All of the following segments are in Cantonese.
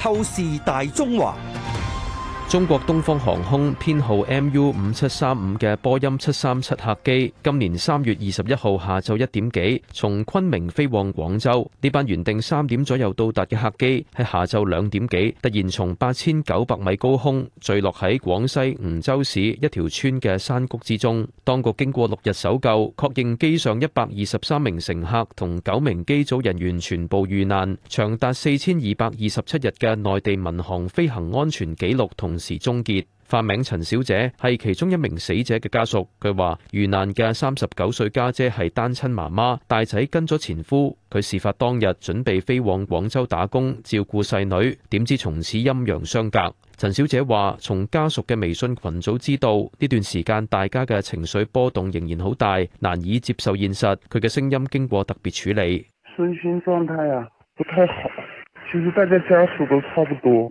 透視大中華。中國東方航空編號 MU 五七三五嘅波音七三七客機，今年三月二十一號下晝一點幾，從昆明飛往廣州。呢班原定三點左右到達嘅客機，喺下晝兩點幾，突然從八千九百米高空墜落喺廣西梧州市一條村嘅山谷之中。當局經過六日搜救，確認機上一百二十三名乘客同九名機組人員全部遇難。長達四千二百二十七日嘅內地民航飛行安全記錄同。時終結，化名陳小姐係其中一名死者嘅家屬。佢話遇難嘅三十九歲家姐係單親媽媽，大仔跟咗前夫。佢事發當日準備飛往廣州打工，照顧細女，點知從此陰陽相隔。陳小姐話：從家屬嘅微信群組知道呢段時間大家嘅情緒波動仍然好大，難以接受現實。佢嘅聲音經過特別處理，身心狀態啊不太好。其實大家家屬都差不多。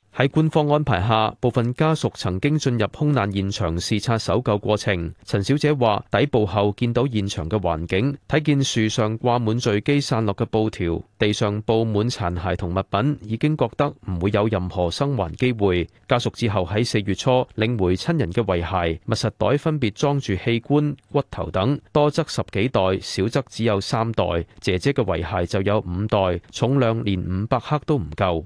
喺官方安排下，部分家屬曾經進入空難現場視察搜救過程。陳小姐話，底部後見到現場嘅環境，睇見樹上掛滿墜機散落嘅布條，地上布滿殘骸同物品，已經覺得唔會有任何生還機會。家屬之後喺四月初領回親人嘅遺骸，密實袋分別裝住器官、骨頭等，多則十幾袋，少則只有三袋。姐姐嘅遺骸就有五袋，重量連五百克都唔夠。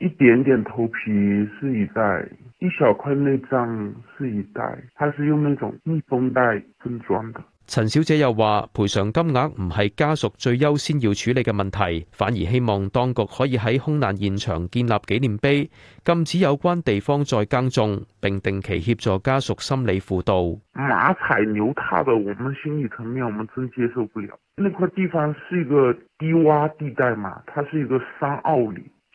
一點點頭皮是一袋，一小塊內臟是一袋，它是用那種密封袋分裝的。陳小姐又話：賠償金額唔係家屬最優先要處理嘅問題，反而希望當局可以喺空難現場建立紀念碑，禁止有關地方再耕種，並定期協助家屬心理輔導。馬踩牛踏的，我們心理層面我們真接受不了。那塊地方是一個低窪地帶嘛，它是一個山坳裏。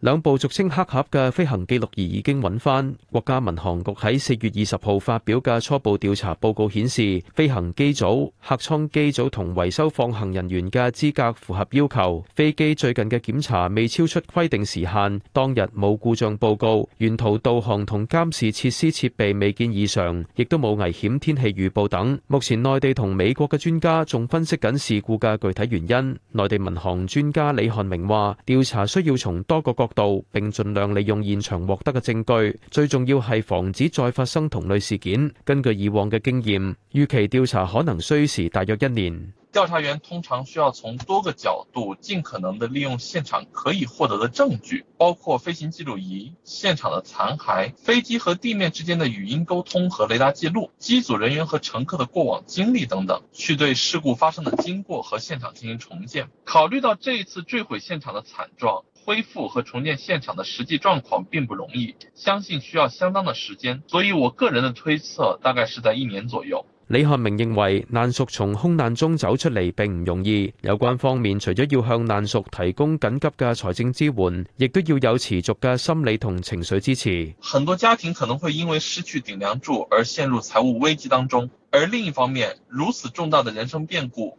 兩部俗稱黑盒嘅飛行記錄儀已經揾翻。國家民航局喺四月二十號發表嘅初步調查報告顯示，飛行機組、客艙機組同維修放行人員嘅資格符合要求，飛機最近嘅檢查未超出規定時限，當日冇故障報告，沿途導航同監視設施設備未見異常，亦都冇危險天氣預報等。目前內地同美國嘅專家仲分析緊事故嘅具體原因。內地民航專家李漢明話：調查需要從多個角。角度，並盡量利用現場獲得嘅證據，最重要係防止再發生同類事件。根據以往嘅經驗，預期調查可能需時大約一年。調查員通常需要從多個角度，盡可能的利用現場可以獲得嘅證據，包括飛行記錄儀、現場的殘骸、飛機和地面之間的語音溝通和雷達記錄、機組人員和乘客的過往經歷等等，去對事故發生的經過和現場進行重建。考慮到這一次墜毀現場的慘狀。恢復和重建現場的實際狀況並不容易，相信需要相當的時間。所以我個人的推測大概是在一年左右。李漢明認為，難屬從空難中走出嚟並唔容易。有關方面除咗要向難屬提供緊急嘅財政支援，亦都要有持續嘅心理同情緒支持。很多家庭可能會因為失去頂樑柱而陷入財務危機當中，而另一方面，如此重大的人生變故。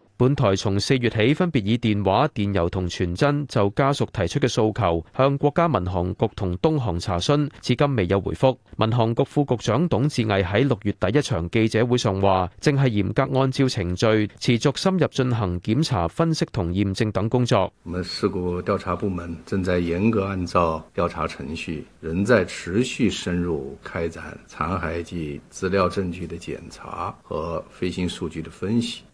本台從四月起分別以電話、電郵同傳真就家屬提出嘅訴求，向國家民航局同東航查詢，至今未有回覆。民航局副局長董志毅喺六月第一場記者會上話：正係嚴格按照程序，持續深入進行檢查、分析同驗證等工作。我們事故調查部門正在嚴格按照調查程序，仍在持續深入開展殘骸及資料證據的檢查和飛行數據的分析。